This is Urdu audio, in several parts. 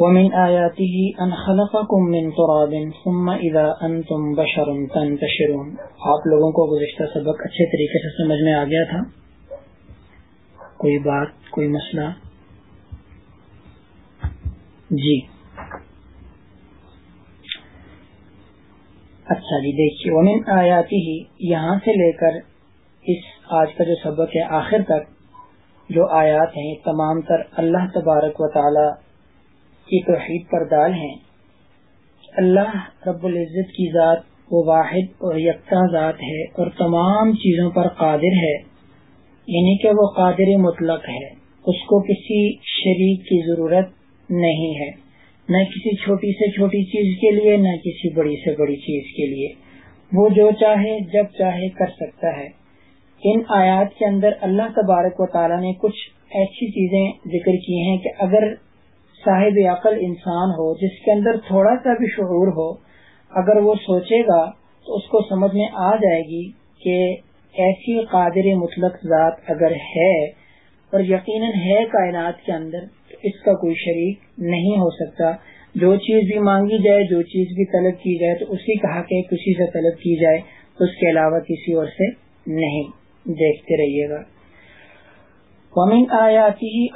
ومن آياته أن خلقكم من تراب ثم إذا أنتم بشر تنتشرون آپ لوگوں کو گزشتہ سبق اچھے طریقے سے سمجھ میں آ گیا تھا کوئی بات کوئی مسئلہ جی اچھا جی دیکھیے ومن آیاتی ہی یہاں سے لے کر اس آج کا جو سبق ہے آخر تک جو آیات ہیں تمام تر اللہ تبارک و تعالی کی توحید پر دال ہیں اللہ رب العزت کی ذات وہ واحد اور یکتا ذات ہے اور تمام چیزوں پر قادر ہے یعنی کہ وہ قادر مطلق ہے اس کو کسی شریک کی ضرورت نہیں ہے نہ کسی چھوٹی سے چھوٹی چیز کے لیے نہ کسی بڑی سے بڑی چیز کے لیے وہ جو چاہے جب چاہے کر سکتا ہے ان آیات کے اندر اللہ تبارک و تعالیٰ نے کچھ ایسی چیزیں ذکر کی ہیں کہ اگر صاحب عقل انسان ہو جس کے اندر تھوڑا سا بھی شعور ہو اگر وہ سوچے گا تو اس کو سمجھ میں آ جائے گی کہ ایسی قادر مطلق ذات اگر ہے اور یقیناً ہے کائنات کے اندر تو اس کا کوئی شریک نہیں ہو سکتا جو چیز بھی مانگی جائے جو چیز بھی طلب کی جائے تو اسی کہا کہ کسی سے طلب کی جائے تو اس کے علاوہ کسی اور سے نہیں دیکھتے رہیے گا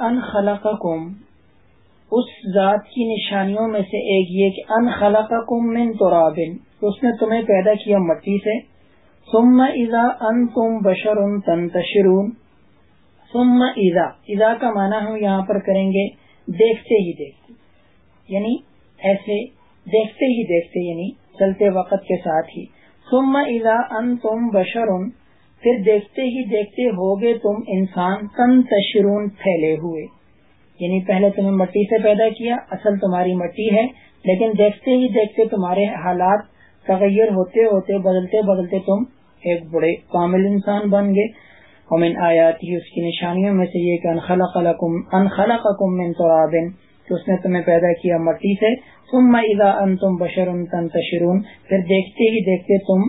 ان قوم اس ذات کی نشانیوں میں سے ایک یہ کہ ان خلقکم من اس نے تمہیں پیدا کیا مٹی سے ثم اذا انتم بشر تنتشرون ثم اذا اذا کا معنی ہم یہاں پر کریں گے دیکھتے ہی دیکھتے یعنی ایسے دیکھتے ہی دیکھتے یعنی چلتے وقت کے ساتھ ہی ثم اذا انتم بشر پھر دیکھتے ہی دیکھتے ہوگے تم انسان تنتشرون پھیلے ہوئے یعنی پہلے تمہیں مٹی سے پیدا کیا اصل تمہاری مٹی ہے لیکن دیکھتے ہی دیکھتے تمہارے حالات تغیر ہوتے ہوتے بدلتے بدلتے تم ایک بڑے کامل انسان بن گئے امن آیات ہی اس کی نشانیوں میں سے یہ کہ انخلا تمہیں پیدا کیا مٹی سے تم میں گا تم بشر تشرون پھر دیکھتے ہی دیکھتے تم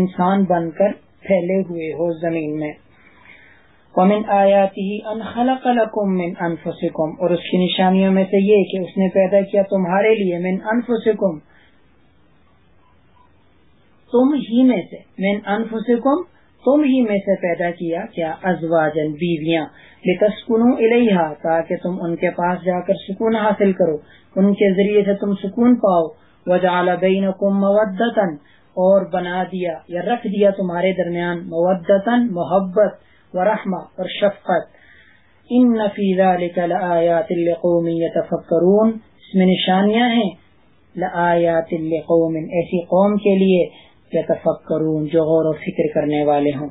انسان بن کر پھیلے ہوئے ہو زمین میں ومن ان خلق لکم من انفسکم اور اس کی نشانیوں میں سے یہ کہ اس نے پیدا کیا تمہارے لیے من انفسکم تم ہی میں سے من انفسکم تم ہی میں سے پیدا کیا کیا ازواجن بیویاں لتسکنو الیہا تاکہ تم ان کے پاس جا کر سکون حاصل کرو ان کے ذریعے سے تم سکون پاؤ وجعل بینکم مودتا اور بنا دیا یا رکھ دیا تمہارے درمیان مودتا محبت ورحمہ اور شفقت ان نفیزہ یتفکرون اس میں نشانیاں ہیں لآیات المن ایسی قوم کے لیے یتفکرون جو غور و فکر کرنے والے ہوں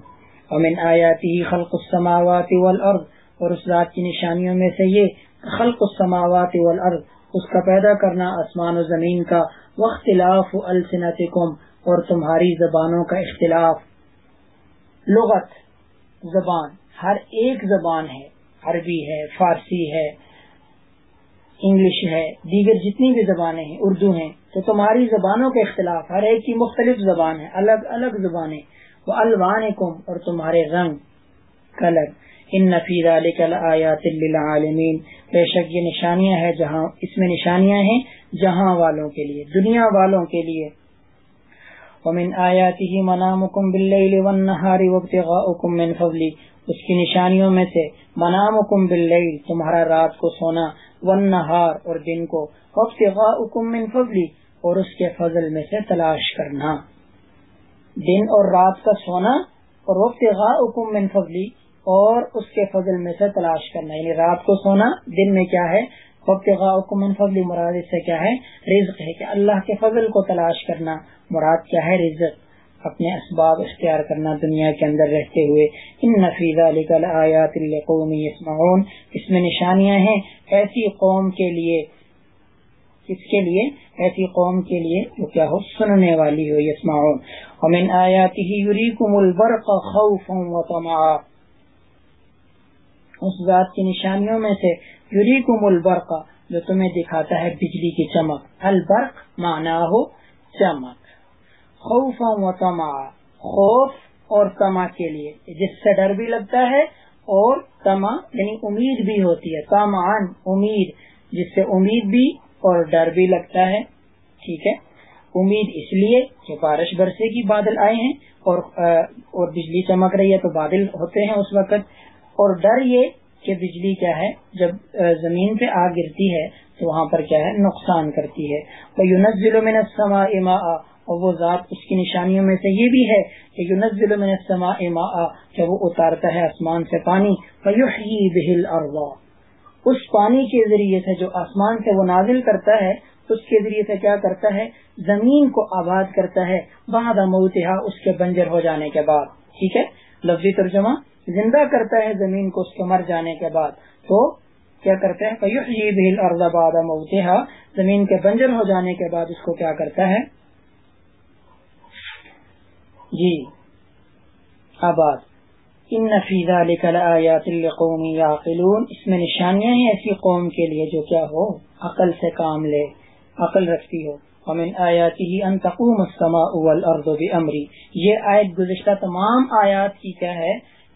امن آیاتی خلق السماوات والارض اور اس رات کی نشانیوں میں سے یہ خلق السماوات والارض اس کا پیدا کرنا آسمان و زمین کا واختلاف لاف اور تمہاری زبانوں کا اختلاف لغت زبان ہر ایک زبان ہے عربی ہے فارسی ہے انگلش ہے دیگر جتنی بھی زبانیں ہیں اردو ہیں تو تمہاری زبانوں کے اختلاف ہر ایک کی مختلف زبان ہے الگ الگ زبانیں وہ الوان کم اور تمہارے رنگ کلر ان نفیز علیہ عالمین بے شک یہ نشانیاں ہیں جہاں اس میں نشانیاں ہیں جہاں والوں کے لیے دنیا والوں کے لیے ومن آیاته منامکم باللیل والنہار وابتغاؤکم من فضلی اس کی نشانیوں میں سے منامکم باللیل تمہارا رات کو سونا والنہار اور دن کو وابتغاؤکم من فضلی اور اس کے فضل میں سے تلاش کرنا دن اور رات کا سونا اور وقت غا حکم فضلی اور اس کے فضل میں سے تلاش کرنا یعنی رات کو سونا دن میں کیا ہے فضل مراد اس سے کیا ہے رزق ہے کہ اللہ کے فضل کو تلاش کرنا مراد کیا ہے رزق اپنے اسباب اختیار کرنا دنیا کے اندر رہتے ہوئے ان اس میں نشانیاں ہیں ایسی قوم کے لیے کس کے لیے ایسی قوم کے لیے کیا ہو ہو سننے والی اومین آیاتی اس بات کی نشانیوں میں سے یوری کو مل جو تمہیں دکھاتا ہے بجلی کی چمک البرق مانا ہو چمک خوف و تما خوف اور تما کے لیے جس سے ڈر بھی لگتا ہے اور تما یعنی امید بھی ہوتی ہے تامان امید جس سے امید بھی اور ڈر بھی لگتا ہے ٹھیک ہے امید اس لیے کہ بارش برسے کی بادل آئے ہیں اور اور بجلی چمک رہی ہے تو بادل ہوتے ہیں اس وقت اور ڈر یہ کہ بجلی کیا ہے جب زمین پہ آ گرتی ہے تو وہاں پر کیا ہے نقصان کرتی ہے اور نسما اما اور وہ ذات اس کی نشانیوں میں سے یہ بھی ہے کہ یونس ضلع میں وہ اتارتا ہے آسمان سے پانی اور اروا اس پانی کے ذریعے سے جو آسمان سے وہ نازل کرتا ہے اس کے ذریعے سے کیا کرتا ہے زمین کو آباد کرتا ہے بہادا موتحا اس کے بنجر ہو جانے کے بعد ٹھیک ہے لفظی ترجمہ زندہ کرتا ہے زمین کو اس کے مر جانے کے بعد تو کیا کرتے ہیں بعد موتها زمین کے بنجر ہو جانے کے بعد اس کو کیا کرتا ہے جی آباد ان نفیزہ قومی اس میں نشانیاں ہیں ایسی قوم کے لیے جو کیا ہو عقل سے کام لے عقل رکھتی ہو امن آیاتی انتقو اول السماء والارض بھی یہ آیت گزشتہ تمام آیات کی کیا ہے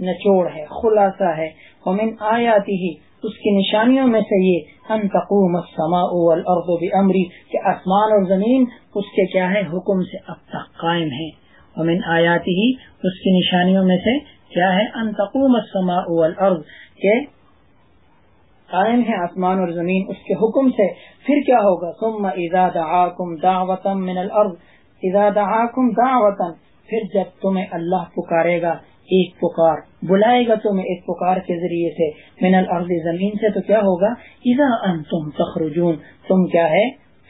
نچوڑ ہے خلاصہ ہے ومن آیاتی ہی اس کی نشانیوں میں سے یہ ان تقوم السماء والارض بعمری کہ آسمان اور زمین اس کے کیا ہے حکم سے اب تک قائم ہے ومن آیاتی ہی اس کی نشانیوں میں سے کیا ہے ان تقوم السماء والارض کہ قائم ہے آسمان اور زمین اس کے حکم سے پھر کیا ہوگا ثم اذا دعاکم دعوتا من الارض اذا دعاکم دعوتا پھر جب تمہیں اللہ پکارے گا ایک پکار بلائے گا تمہیں ایک پکار کے ذریعے سے من الارض زمین سے تو کیا ہوگا ایزا ان تم تخرجون تم کیا ہے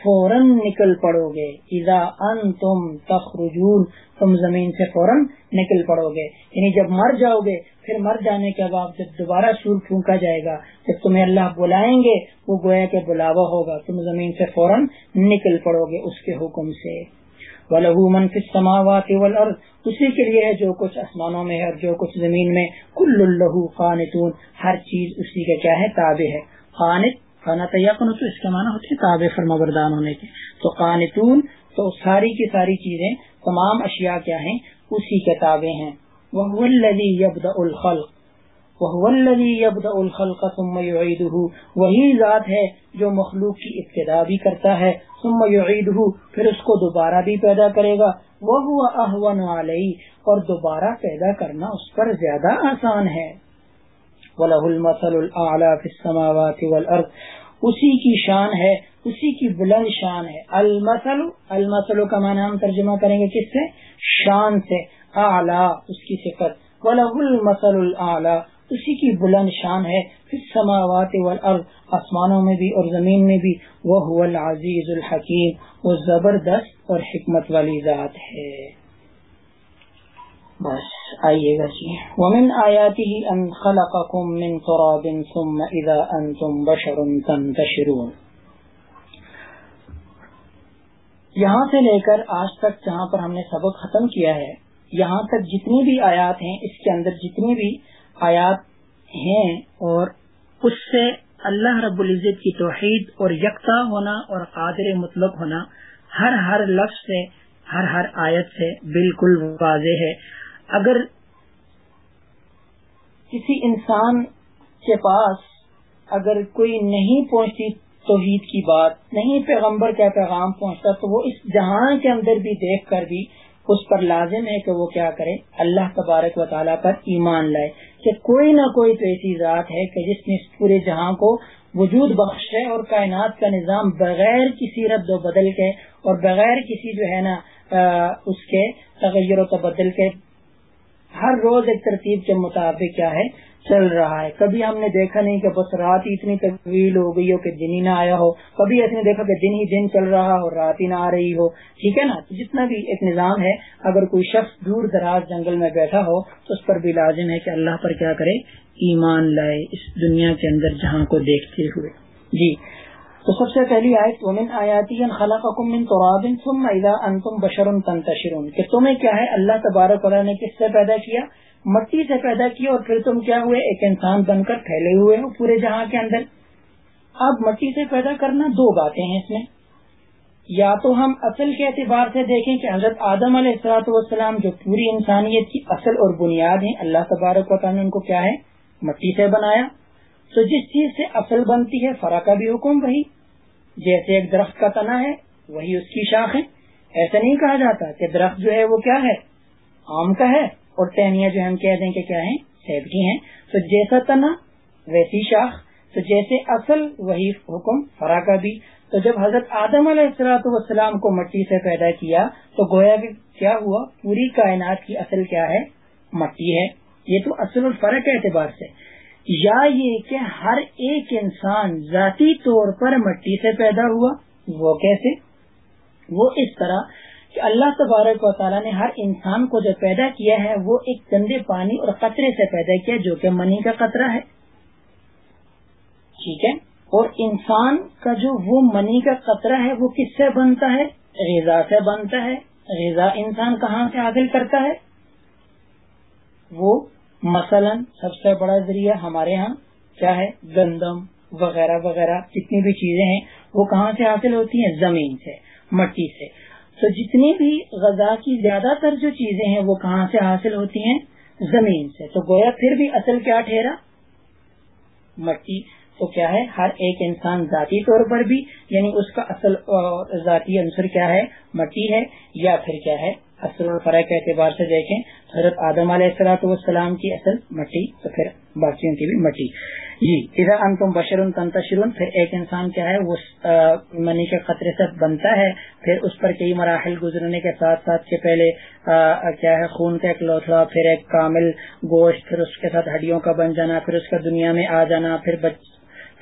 فوراً نکل پڑو گے ایزا ان تم تخرجون تم زمین سے فوراً نکل پڑو گے یعنی جب مر جاؤ گے پھر مر جانے کے بعد جب دوبارہ سور پھونکا جائے گا جب تمہیں اللہ بلائیں گے وہ گویا کہ بلاوا ہوگا تم زمین سے فوراً نکل پڑو گے اس کے حکم سے بلبو منفی فِي السَّمَاوَاتِ وَالْأَرْضِ اسی کے لیے جو کچھ آسمانوں میں ہے جو کچھ زمین میں کل اللہ خانتون ہر چیز اسی کے کیا ہے تابع ہے خان خانہ تو اس کے معنی ہوتے فرما بردان ہونے کے تو خانتون تو ساری کی ساری چیزیں تمام اشیاء کیا ہیں اسی کے تابع ہیں وہ دلخل وہ خلق وہی ذات ہے جو مخلوق کی ابتدا بھی کرتا ہے ثم میں پھر اس کو دوبارہ بھی پیدا کرے گا وہ علیہ اور دوبارہ پیدا کرنا اس پر زیادہ آسان ہے السَّمَاوَاتِ وَالْأَرْضِ اسی کی شان ہے اسی کی بلند شان ہے المثل المثل کا معنی ہم ترجمہ کریں گے کس سے شان سے اعلی اس کی صفت وَلَهُ الْمَثَلُ الْأَعْلَى اسی کی بلند شان ہے پھر والارض آسمانوں میں بھی اور زمین میں بھی وہ العزیز الحکیم وہ زبردست اور حکمت والی ذات ہے بس آئیے گا جی ومن ان من ثم اذا انتم بشر تنتشرون یہاں سے لے کر آج تک جہاں پر ہم نے سبق ختم کیا ہے یہاں تک جتنی بھی آیات ہیں اس کے اندر جتنی بھی آیات ہیں اور اس سے اللہ رب العزت کی توحید اور یکتا ہونا اور قادر مطلب ہونا ہر ہر لفظ سے ہر ہر آیت سے بالکل واضح ہے اگر کسی انسان کے پاس اگر کوئی نہیں پہنچتی توحید کی بات نہیں پیغمبر کا پیغام پہنچتا تو وہ اس جہاں کے اندر بھی دیکھ کر بھی اس پر لازم ہے کہ وہ کیا کرے اللہ تبارک و تعالیٰ پر ایمان لائے کہ کوئی نہ کوئی تو ایسی ذات ہے کہ جس نے پورے جہاں کو وجود بخش ہے اور کائنات کا نظام بغیر کسی رد و بدل کے اور بغیر کسی جو ہے نا اس کے تغیر و تبدل کے ہر روز ایک ترتیب کے مطابق کیا ہے چل رہا ہے کبھی ہم نے دیکھا نہیں کہ بس رات ہی اتنی طویل ہو گئی ہو کہ دن ہی نہ آیا ہو کبھی ایسے دیکھا کہ دن ہی دن چل رہا ہو رات ہی نہ آ رہی ہو ٹھیک ہے نا جتنا بھی ایک نظام ہے اگر کوئی شخص دور دراز جنگل میں بیٹھا ہو تو اس پر بھی لازم ہے کہ اللہ پر کیا کرے ایمان لائے اس دنیا کے اندر جہاں کو دیکھتے ہوئے جی تو سب سے پہلی آئے تو خلاد بشرشرون تمہیں کیا ہے اللہ تبارک بارہ نے کس سے پیدا کیا مٹی سے پیدا کیے اور پھر تم کیا ہوئے ایک انسان بن کر پھیلے ہوئے ہو پورے جہاں کے اندر اب مٹی سے پیدا کرنا دو باتیں ہیں اس میں یا تو ہم اصل کے اعتبار سے دیکھیں کہ حضرت آدم علیہ جو پوری انسانیت کی اصل اور بنیاد ہے اللہ تبارک تعالیٰ نے ان کو کیا ہے مٹی سے بنایا تو جس چیز سے اصل بنتی ہے فرا کا بھی حکم وہی جیسے ایک درخت کا تنا ہے وہی اس کی شاخ ہے ایسا نہیں کہا جاتا کہ درخت جو ہے وہ کیا ہے آم کا ہے اور ٹہنیاں جو ہم کہہ دیں کہ کیا ہیں سیب کی ہیں تو جیسا تنا ویسی شاخ تو جیسے اصل وہی حکم فرا کا بھی تو جب حضرت آدم علیہ السلط وسلام کو مٹی سے پیدا کیا تو گویا بھی کیا ہوا پوری کائنات کی اصل کیا ہے مٹی ہے یہ تو اصل اور فرق ہے اعتبار سے یا یہ کہ ہر ایک انسان ذاتی طور پر مٹی سے پیدا ہوا وہ کیسے وہ اس طرح کہ اللہ تبارک و تعالیٰ نے ہر انسان کو جو پیدا کیا ہے وہ ایک گندے پانی اور قطرے سے پیدا کیا جو کہ منی کا قطرہ ہے ٹھیک ہے اور انسان کا جو وہ منی کا قطرہ ہے وہ کس سے بنتا ہے غذا سے بنتا ہے غذا انسان کہاں سے حاصل کرتا ہے وہ مثلا سب سے بڑا ذریعہ ہمارے ہاں کیا ہے گندم وغیرہ وغیرہ جتنی بھی چیزیں ہیں وہ کہاں سے حاصل ہوتی ہیں زمین سے مٹی سے تو جتنی بھی غذا کی زیادہ تر جو چیزیں ہیں وہ کہاں سے حاصل ہوتی ہیں زمین سے تو گویا پھر بھی اصل کیا ٹھہرا مٹی تو کیا ہے ہر ایک انسان ذاتی طور پر بھی یعنی اس کا اصل ذاتی عنصر کیا ہے مٹی ہے یا پھر کیا ہے اصل فرح کے اعتبار سے دیکھیں حضرت آدم علیہ السلاۃ والسلام السلام کی اصل مٹی تو پھر باقیوں کی بھی مٹی جی ادھر انتم تنتا شرون پھر ایک انسان کیا ہے وہ منی کے خطرے سے بنتا ہے پھر اس پر کئی مراحل گزرنے کے ساتھ ساتھ کے پہلے کیا ہے خون کا ایک لوتھڑا پھر ایک کامل گوشت پھر اس کے ساتھ ہڈیوں کا بن جانا پھر اس کا دنیا میں آ جانا پھر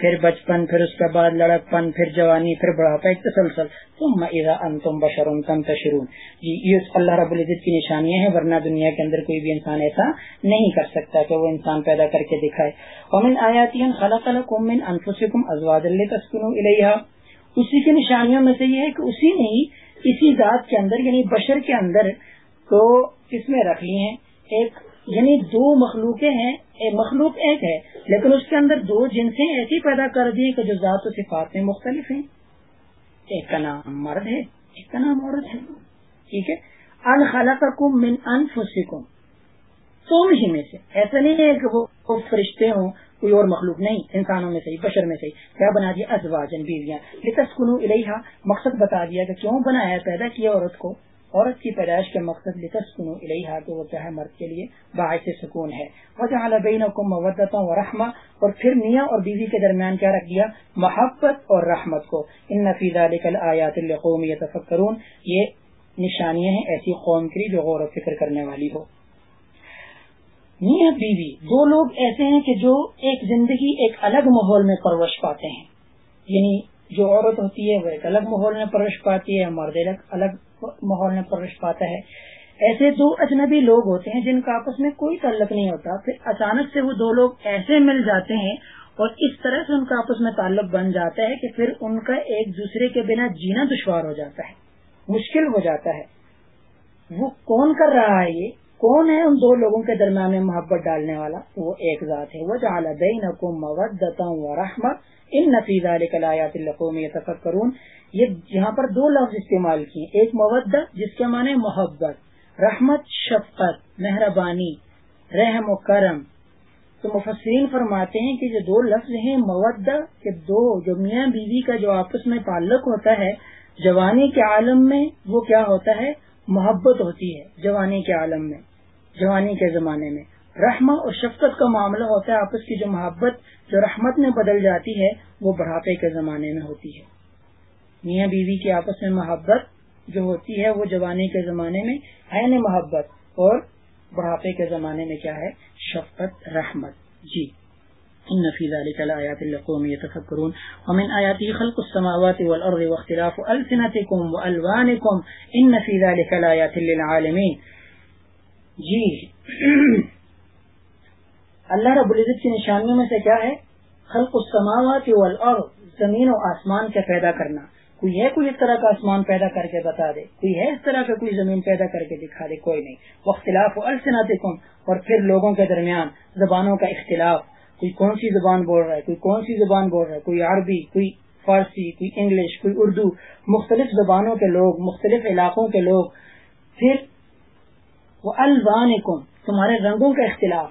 پھر بچپن پھر اس کے بعد لڑک پن پھر جوانی پھر بڑھاپا ایک تسلسل تم انتم بشرون تم تشرون جی یہ اللہ رب العزت کی نشانیاں ہیں ورنہ دنیا کے اندر کوئی بھی انسان ایسا نہیں کر سکتا کہ وہ انسان پیدا کر کے دکھائے امن آیاتی خلق الحکم من انفسکم ازواج اللہ تسکن الیہ اسی کی نشانیوں میں سے یہ ہے کہ اسی نے اسی ذات کے اندر یعنی بشر کے اندر کو کس میں رکھ لی ہیں ایک یعنی دو مخلوقیں ہیں مخلوق ایک ہے لیکن اس کے اندر دو جنسیں ایسی پیدا کر دی کہ جو ذات و صفات میں مختلف ہیں ایک کا نام مرد ہے ایک کا نام عورت ہے ٹھیک ہے الخلا سے ایسا نہیں ہے کہ وہ فرشتے ہوں کوئی اور مخلوق نہیں انسانوں میں صحیح بشر میں صحیح کیا بنا دیا بیویاں جن بیسکنو الحا مقصد بتا دیا کہ کیوں بنایا پیدا کیا عورت کو عورت کی پیدائش کے مقصد کیا ہے مرد کے لیے باعث سکون ہے وجعل بینکم مودتا محدتوں اور رحمہ اور پھر میاں اور بیوی کے درمیان کیا رکھ دیا محبت اور رحمت کو ان یہ نشانیاں ہیں ایسی قوم کی جو غور و فکر کرنے والی ہو میاں بیوی دو لوگ ایسے ہیں کہ جو ایک زندگی ایک الگ ماحول میں پرورش پاتے ہیں یعنی جو عورت ہوتی ہے وہ ایک الگ ماحول میں پرورش پاتی ہے مرد الگ ماحول میں پرورش پاتا ہے ایسے دو اجنبی لوگ ہوتے ہیں جن کا آپس میں کوئی تعلق نہیں ہوتا پھر اچانک سے وہ دو لوگ ایسے مل جاتے ہیں اور اس طرح سے ان کا آپس میں تعلق بن جاتا ہے کہ پھر ان کا ایک دوسرے کے بنا جینا دشوار ہو جاتا ہے مشکل ہو جاتا ہے وہ کون کر رہا ہے یہ کون ہے ان دو لوگوں کے درمیان میں محبت ڈالنے والا وہ ایک ذات ہے وہ جالدین کو و رحمت ان نفیزہ کلاقوں میں یہ سفر یہ یہاں پر دو لفظ استعمال کیے ایک مودہ جس کے معنی محبت رحمت شفقت مہربانی رحم و کرم تو مفسرین فرماتے ہیں کہ جو دو لفظ ہیں مودہ کے دو جو میاں بیوی کا جو آپس میں تعلق ہوتا ہے جوانی کے عالم میں وہ کیا ہوتا ہے محبت ہوتی ہے جوانی کے عالم میں جوانی کے زمانے میں رحمہ اور شفقت کا معاملہ ہوتا ہے آپس کی جو محبت جو رحمت میں بدل جاتی ہے وہ بڑھاپے کے زمانے میں ہوتی ہے میاں بیوی کی آپس میں محبت جو ہوتی ہے وہ جوانی کے زمانے میں محبت اور بڑھاپے کے زمانے میں کیا ہے شفقت رحمت جی ان نفیزہ جی اللہ رب العزت کی نشانیوں میں سے کیا ہے خلق السماوات والارض زمین و آسمان کا پیدا کرنا کوئی ہے کوئی اس طرح کا آسمان پیدا کر کے بتا دے کوئی ہے اس طرح کا کوئی زمین پیدا کر کے دکھا دے کوئی نہیں وختلاف ناطق اور پھر لوگوں کے درمیان زبانوں کا اختلاف کوئی کون سی زبان بول رہا ہے کوئی کون سی زبان بول رہا ہے کوئی عربی کوئی فارسی کوئی انگلش کوئی اردو مختلف زبانوں کے لوگ مختلف علاقوں کے لوگ پھر وہ الوان تمہارے رنگوں کا اختلاف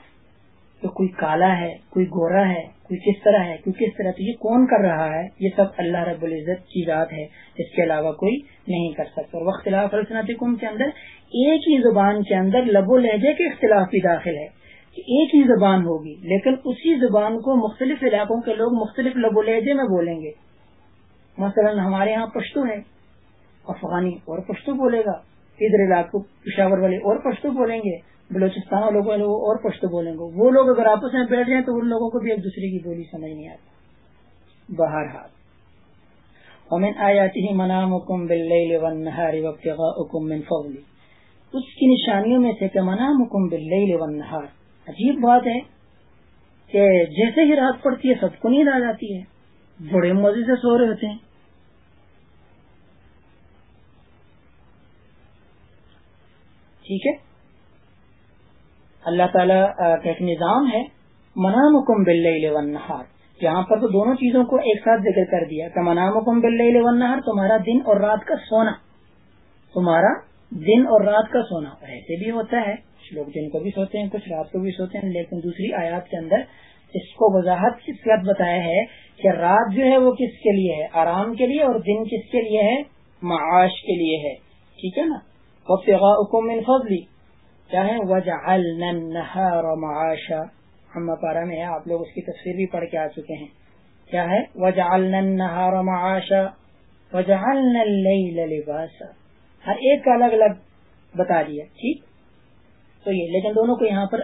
تو کوئی کالا ہے کوئی گورا ہے کوئی کس طرح ہے کوئی کس طرح تو یہ کون کر رہا ہے یہ سب اللہ رب العزت کی ذات ہے اس کے علاوہ کوئی نہیں کر سکتا اور اختلاف الصنعت کم کے اندر ایک ہی زبان کے اندر لب و لہجے کے اختلاف بھی داخل ہے کہ ایک ہی زبان ہوگی لیکن اسی زبان کو مختلف علاقوں کے لوگ مختلف لب و لہجے میں بولیں گے مثلا ہمارے ہاں پشتو ہے افغانی اور پشتو بولے گا ادھر علاقوں پشاور والے اور پشتو بولیں گے بلوچستان والوں اور پشتو بولیں گے وہ لوگ اگر آپس میں بیٹھ جائیں تو ان لوگوں کو بھی ایک دوسرے کی بولی سمجھ نہیں آتا بہرحال اور منام حکم بل فولی اس کی نشانیوں میں سے منام حکم بل نہار عجیب بات ہے کہ جیسے ہی رات پڑتی ہے سب کو نیند آ جاتی ہے بڑے مزے سے سو رہے ہوتے ہیں ٹھیک ہے اللہ تعالیٰ کا ایک نظام ہے منام حکم بل یہاں پر تو دونوں چیزوں کو ایک ساتھ ذکر کر دیا کہ منام حکم بل تمہارا دن اور رات کا سونا تمہارا دن اور رات کا سونا ایسے بھی ہوتا ہے کچھ لوگ دن کو بھی سوتے ہیں کچھ رات کو بھی سوتے ہیں لیکن دوسری آیات کے اندر اس کو وضاحت کس فتح بتایا ہے کہ رات جو ہے وہ کس کے لیے ہے آرام کے لیے اور دن کس کے لیے ہے معاش کے لیے ہے ٹھیک ہے نا معاشا ہم پارا میں آپ لوگ اس کی تصویر بھی پڑھ کے آ چکے ہیں کیا ہے معاشا وجعلنا اللیل لباسا ہر ایک کا الگ الگ بتا دیا ٹھیک تو یہ لیکن دونوں کو یہاں پر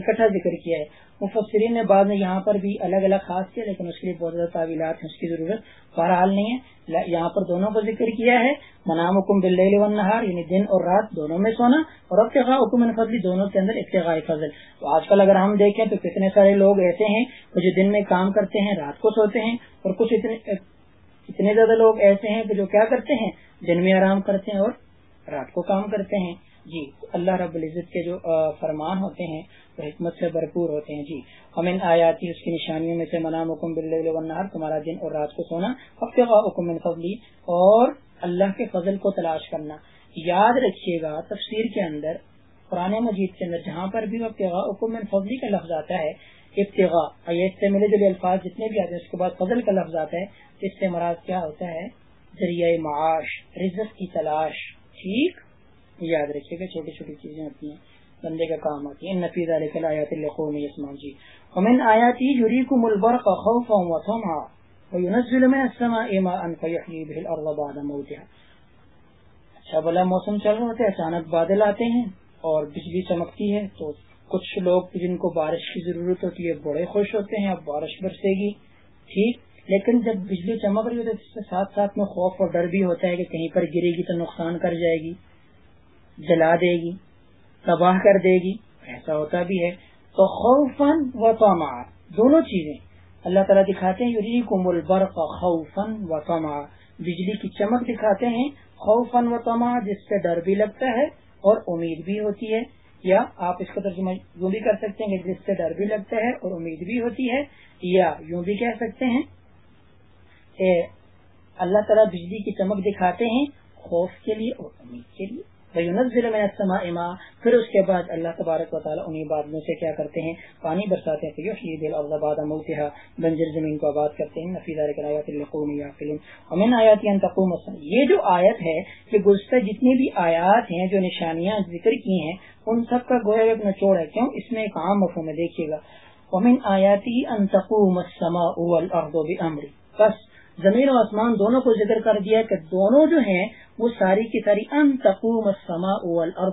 اکٹھا ذکر کیا ہے مفسرین نے بعد میں یہاں پر بھی الگ الگ خاص کیا لیکن اس کے لیے بہت زیادہ تعبیلات ہیں اس کی ضرورت بہرحال نہیں ہے یہاں پر دونوں کا ذکر کیا ہے منام حکم بل نہار یعنی دن اور رات دونوں میں سونا اور ابتخا حکم فضل دونوں کے اندر ابتخا فضل آج کل اگر ہم دیکھیں تو کتنے سارے لوگ ایسے ہیں جو دن میں کام کرتے ہیں رات کو سوتے ہیں اور کچھ اتنے زیادہ لوگ ایسے ہیں جو کیا کرتے ہیں دن میں آرام کرتے ہیں اور رات کو کام کرتے ہیں جی اللہ رب العزت کے جو فرمان ہوتے ہیں وہ حکمت سے بھرپور ہوتے ہیں جی امن آیاتی اس کی نشانیوں میں سے منا بلّہ تمہارا دن اور رات کو سونا ہفتے فضلی اور اللہ کے فضل کو تلاش کرنا یاد رکھیے گا تفسیر کے اندر پرانے مجید کے اندر جہاں پر بھی وقت حکم فضلی کا لفظ آتا ہے ابتغا یہ ملے جلے الفاظ جتنے بھی آتے ہیں اس کے بعد فضل کا لفظ آتا ہے اس سے مراد کیا ہوتا ہے ذریعہ معاش رزق کی تلاش ٹھیک یاد رکھیے گا چھوٹی چھوٹی چیزیں آتی ہیں بندے کا کام آتی ہیں نفیز جی علیمان جیتی اچھا بلا موسم چل رہا ہے اچانک بادل آتے ہیں اور بجلی چمکتی ہے تو کچھ لوگ جن کو بارش کی ضرورت ہوتی ہے بڑے خوش ہوتے ہیں اب بارش برسے گی ٹھیک لیکن جب بجلی چمک رہی ہوتی ہے اس کے ساتھ ساتھ میں خوف اور ڈر بھی ہوتا ہے کہ کہیں پر گرے گی تو نقصان کر جائے گی جلا دے گی تباہ کر دے گی ایسا ہوتا بھی ہے تو خوفن و تما دونوں چیزیں اللہ تعالیٰ دکھاتے ہیں یوری کو ملبر خوفن خوف و تما بجلی کی چمک دکھاتے ہیں خوفن و تما جس سے ڈر بھی لگتا ہے اور امید بھی ہوتی ہے یا آپ اس کو ترجمہ یوں بھی کر سکتے ہیں جس سے ڈر بھی لگتا ہے اور امید بھی ہوتی ہے یا یوں بھی کہہ سکتے ہیں اللہ تعالیٰ بجلی کی چمک دکھاتے ہیں خوف کے لیے اور امید کے لیے ونزل من السماء ما پھر اس کے بعد اللہ تبارک و تعالیٰ انہیں بادلوں سے کیا کرتے ہیں پانی برساتے ہیں یحیی دل الارض بعد موتها بنجر زمین کو آباد کرتے ہیں فی ذلک آیات آیات ان یہ جو آیت ہے کہ گزشتہ جتنی بھی آیات ہیں جو نشانیاں ذکر کی ہیں ان سب کا گویا ایک نچوڑ ہے کیوں اس میں ایک عام مفہوم ہے دیکھیے گا ومن آیاتی ان تقوم السماء والارض بامر بس زمین و آسمان دونوں کو ذکر کر دیا کہ دونوں جو ہیں وہ ساری کی ساری ان تقوم سما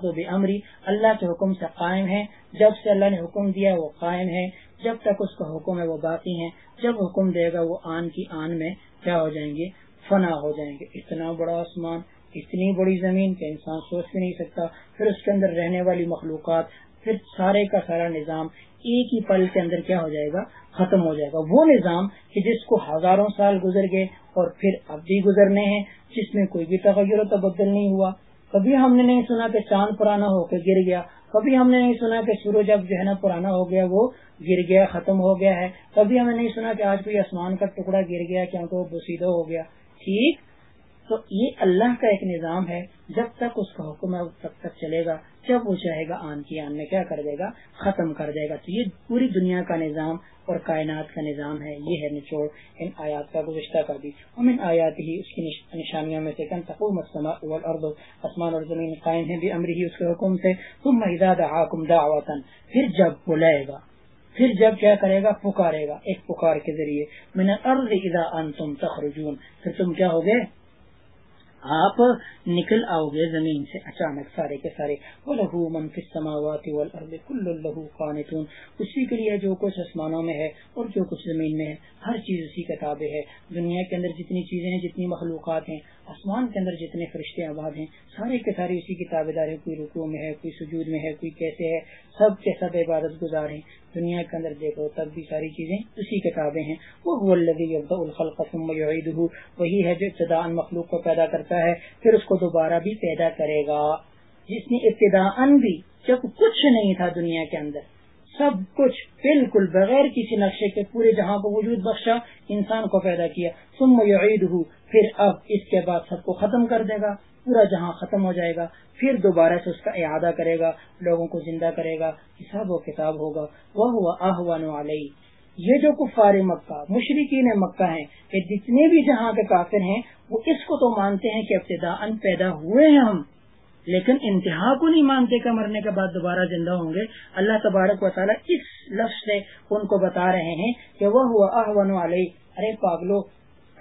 بمری اللہ کے حکم سے قائم ہیں جب سے اللہ نے حکم دیا وہ قائم ہے جب تک اس کا حکم ہے وہ باقی ہیں جب حکم دے گا وہ آن کی آن میں کیا ہو جائیں گے فنا ہو جائیں گے اتنا بڑا آسمان اتنی بڑی زمین کہ انسان سوچ بھی نہیں سکتا پھر اس کے اندر رہنے والی مخلوقات پھر سارے کا سارا نظام ایک ہی پل کے اندر کیا ہو جائے گا ختم ہو جائے گا وہ نظام کہ جس کو ہزاروں سال گزر گئے اور پھر اب بھی گزرنے ہیں جس میں کوئی بھی تغیر و تبدل نہیں ہوا کبھی ہم نے نہیں سنا کہ چاند پرانا ہو کے گر گیا کبھی ہم نے نہیں سنا کہ سورج اب جو ہے نا پرانا ہو گیا وہ گر گیا ختم ہو گیا ہے کبھی ہم نے نہیں سنا کہ آج کوئی آسمان کا ٹکڑا گر گیا کیونکہ وہ بسیدہ ہو گیا ٹھیک تو یہ اللہ کا ایک نظام ہے جب تک اس کا حکم ہے تب تک چلے گا جب وہ چاہے گا آن کی آن میں کیا کر دے گا ختم کر دے گا تو یہ پوری دنیا کا نظام اور کائنات کا نظام ہے یہ ہے نچوڑ ان آیات کا گزشتہ کر دی ہم ان آیات ہی اس کی نشانیوں میں سے کن اسمان اور زمین قائم ہیں بھی ہی اس کے حکم سے تم اذا دا دعوتا پھر جب بلائے گا پھر جب کیا کرے گا پکارے گا ایک پکار کے ذریعے میں نے تم کیا ہوگے آپ نکل آؤ گے زمین سے اچانک سارے کے سارے منفی سماوا اسی کے لیے جو کچھ آسمانوں میں ہے اور جو کچھ زمین میں ہے ہر چیز اسی تابع ہے دنیا کے اندر جتنی چیزیں ہیں جتنی مخلوقات ہیں آسمان کے اندر جتنے فرشتے آباد ہیں سارے کے سارے اسی کتابیں دار ہیں کوئی رکو میں ہے کوئی سجود میں ہے کوئی کیسے ہے سب کے سب عبادت گزار ہیں دنیا کے اندر دیکھو تب بھی ساری چیزیں اسی کتابیں ہیں وہ بول لگے گی وہی ہے جو ابتدا مخلوق کو پیدا کرتا ہے پھر اس کو دوبارہ بھی پیدا کرے گا جس نے ابتدا ان بھی جب کچھ نہیں تھا دنیا کے اندر سب کچھ بالکل بغیر کسی نقشے کے پورے جہاں کو وجود بخشا انسان کو پیدا کیا سم يعيده پھر اب اس کے بعد سب کو ختم کر دے گا پورا جہاں ختم ہو جائے گا پھر دوبارہ سے اس کا اعادہ کرے گا لوگوں کو زندہ کرے گا حساب و کتاب ہوگا وہ ہوا علیہ یہ جو کفار مکہ مشرقین مکہ ہیں یہ جتنے بھی جہاں کے کافر ہیں وہ اس کو تو مانتے ہیں کہ ابتدا ان پیدا ہوئے ہیں ہم لیکن انتہا کو نہیں مانتے کہ مرنے کے بعد دوبارہ زندہ ہوں گے اللہ تبارک و تعالیٰ اس لفظ سے ان کو بتا رہے ہیں کہ وہ ہوا احوان والی ارے پاگلو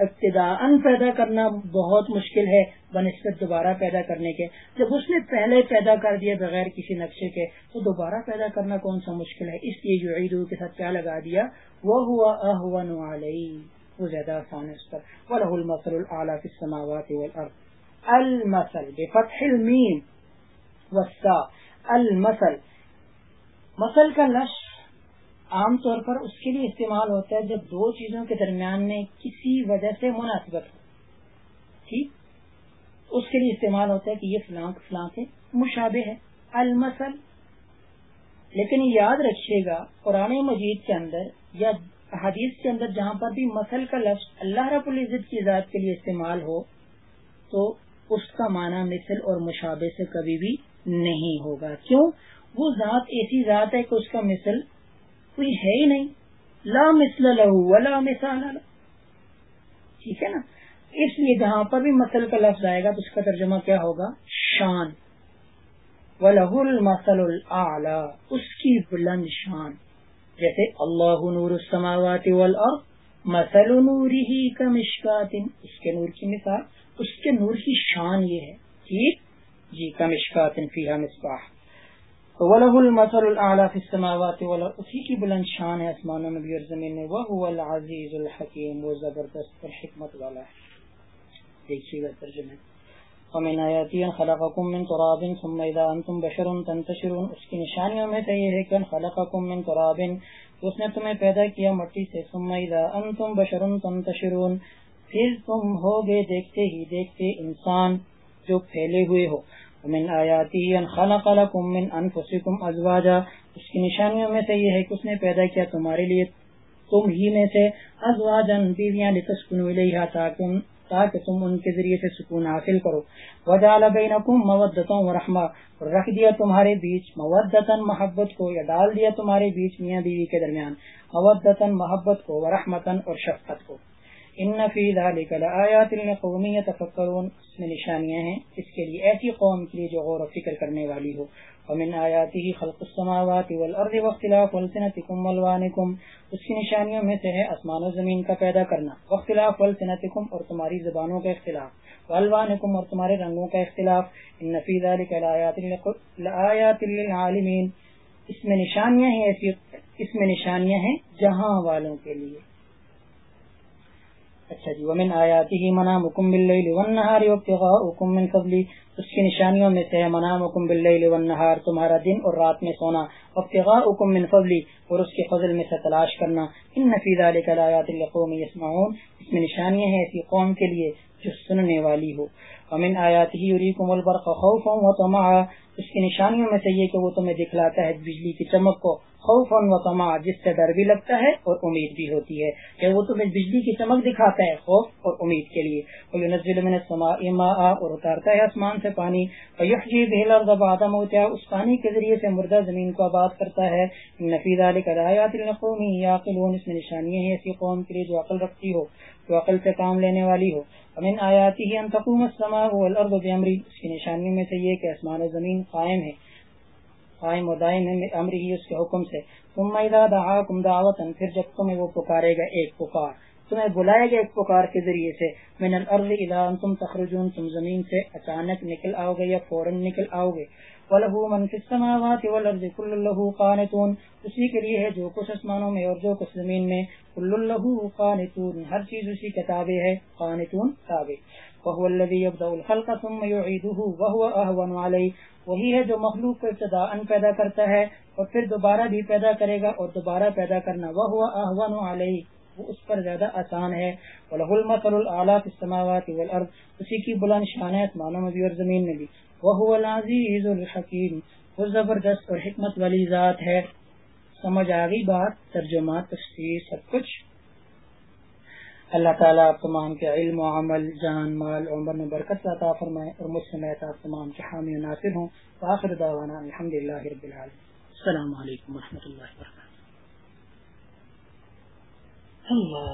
ابتدا ان پیدا کرنا بہت مشکل ہے بہ نسبت دوبارہ پیدا کرنے کے جب اس نے پہلے پیدا کر دیا بغیر کسی نقشے کے تو دوبارہ پیدا کرنا کون سا مشکل ہے اس لیے جو عید کے ساتھ کیا لگا دیا وہ ہوا اہو نئی وہ زیادہ آسان ہے اس پر المسل بے فتح وسا المسل مسل کا نش عام طور پر اس کے لیے استعمال ہوتا ہے جب دو چیزوں کے درمیان میں کسی وجہ سے مناسبت ہو اس کے لیے استعمال ہوتا ہے کہ یہ فلاں فلاں سے مشابہ ہے المسل لیکن یاد رکھیے گا قرآن مجید کے اندر یا حدیث کے اندر جہاں پر بھی مسل کا لفظ اللہ رب العزت کی ذات کے لیے استعمال ہو تو اس کا معنی مثل اور مشابہ سے کبھی بھی نہیں ہوگا کیوں وہ ذات ایسی ذات ہے کہ اس کا مثل کوئی ہے ہی نہیں لہو له ٹھیک ہے نا اس لیے جہاں پر بھی مسل کا لفظ آئے گا تو اس کا ترجمہ کیا ہوگا شان و لہ المسل اس کی بلند شان جیسے اللہ نور السماوات والارض مسل نوری ہی اس کے نور کی مثال اس کے نور کی شان یہ ہے ٹھیک جی کمشکات مصباح وله المثل الاعلى في السماوات ولا اسی کی بلند شان ہے اسمانوں میں بھی اور زمین میں وہ هو العزیز الحکیم وہ زبردست اور حکمت والا ہے دیکھیے ترجمہ ومن آیاتین خلقکم من تراب ثم اذا انتم بشر تنتشرون اس کی نشانیوں میں سے یہ ہے کہ خلقکم من تراب اس نے تمہیں پیدا کیا مٹی سے ثم اذا انتم بشر تنتشرون پھر تم ہو گئے دیکھتے ہی دیکھتے انسان جو پھیلے ہوئے ہو ان خلق من انفسکم ازواجا اس کی نشانیوں میں سے یہ ہے کہ اس نے پیدا کیا تمہارے لیے تم ہی میں سے ازواجا لتسکنو الیہا بیوی تاکہ تم ان کے ذریعے سے سکون حاصل کرو وجال بینکم مودتا ورحمہ اور رکھ دیا تمہارے بیچ مودتا محبت کو یا ڈال دیا تمہارے بیچ میاں بیوی کے درمیان مودتا محبت کو و اور شفقت کو ان لقوم یتفکرون قومی میں نشانیاں ہیں اس کے لیے ایسی قوم کے لیے جو غور و فکر کرنے والی ہو خلق السماوات والارض واختلاف والوانکم اس کی نشانیوں میں سے ہے آسمان و زمین کا پیدا کرنا واختلاف السنتکم اور تمہاری زبانوں کا اختلاف والوانکم اور تمہارے رنگوں کا اختلاف ان فی ذلک لآیات للعالمین اس میں نشانیاں ہیں ایسی اس میں نشانیاں ہیں جہاں والوں کے لیے اچھا جی وہیاتی منا مکم بل نہاری حکم من فضلی اس کی نشانیوں میں سے منا مکم بل نہار تمہارا دن اور رات میں سونا ابتغاء حکم من فضلی اور اس کے فضل میں سے تلاش کرنا ان نفیز علی کا القومی اس میں نشانیاں ہیں ایسی قوم کے لیے جو سننے والی ہو امین آیات ملبر کا خوف خوفا و تما اس کی نشانیوں میں سے یہ کہ وہ تمہیں دکھلاتا ہے بجلی کی چمک کو خوف و طمعا جس سے ڈر بھی لگتا ہے اور امید بھی ہوتی ہے کہ وہ تمہیں بجلی کی چمک دکھاتا ہے خوف اور امید کے لیے نزل میں اتارتا ہے آسمان سے پانی اور اس پانی کے ذریعے سے مردہ زمین کو آباد کرتا ہے نفید علی کام لقوم آخر اس میں نشانیاں ہیں ایسی قوم کے لیے جو عقل رکھتی ہو جو عقل سے کام لینے والی ہو امن آیاتی ہی ان تقوم السماء والارض بعمری اس کی نشانیوں میں سے یہ کہ آسمان و زمین قائم ہے قائم و دائم ہے امری ہی اس کے حکم سے تم اذا دعاکم دعوتا پھر جب تمہیں وہ پکارے گا ایک پکار تمہیں بلائے گا ایک پکار کے ذریعے سے من الارض الی انتم تخرجون تم زمین سے اچانک نکل آؤ گے یا فورا نکل آؤ گے وله من في السماوات والارض كل له قانتون اسی کے لیے ہے جو کچھ آسمانوں میں اور جو کچھ زمین میں له قانتون ہر چیز اسی کے تابع ہے قانتون تابع وهو الذي يبدا الخلق ثم يعيده وهو اهون عليه وہی ہے جو مخلوق کو ابتدا ان پیدا کرتا ہے اور پھر دوبارہ بھی پیدا کرے گا اور دوبارہ پیدا کرنا وہ احوان علیہ وہ اس پر زیادہ آسان ہے السماوات والارض اسی کی بلند شان ہے آسمانوں میں بھی اور زمین میں بھی وہ عزیز الحکیم وہ زبردست اور حکمت والی ذات ہے سمجھ آ گئی بات ترجمہ تشریح سب کچھ اللہ تعالیٰ آپ تمام کے علم و عمل جان مال عمر میں برکت عطا فرمائے اور مجھ سے میں آپ تمام کے حامی و ناصر ہوں آخر دعوانا الحمدللہ رب العالمین السلام علیکم و اللہ وبرکاتہ 嗯。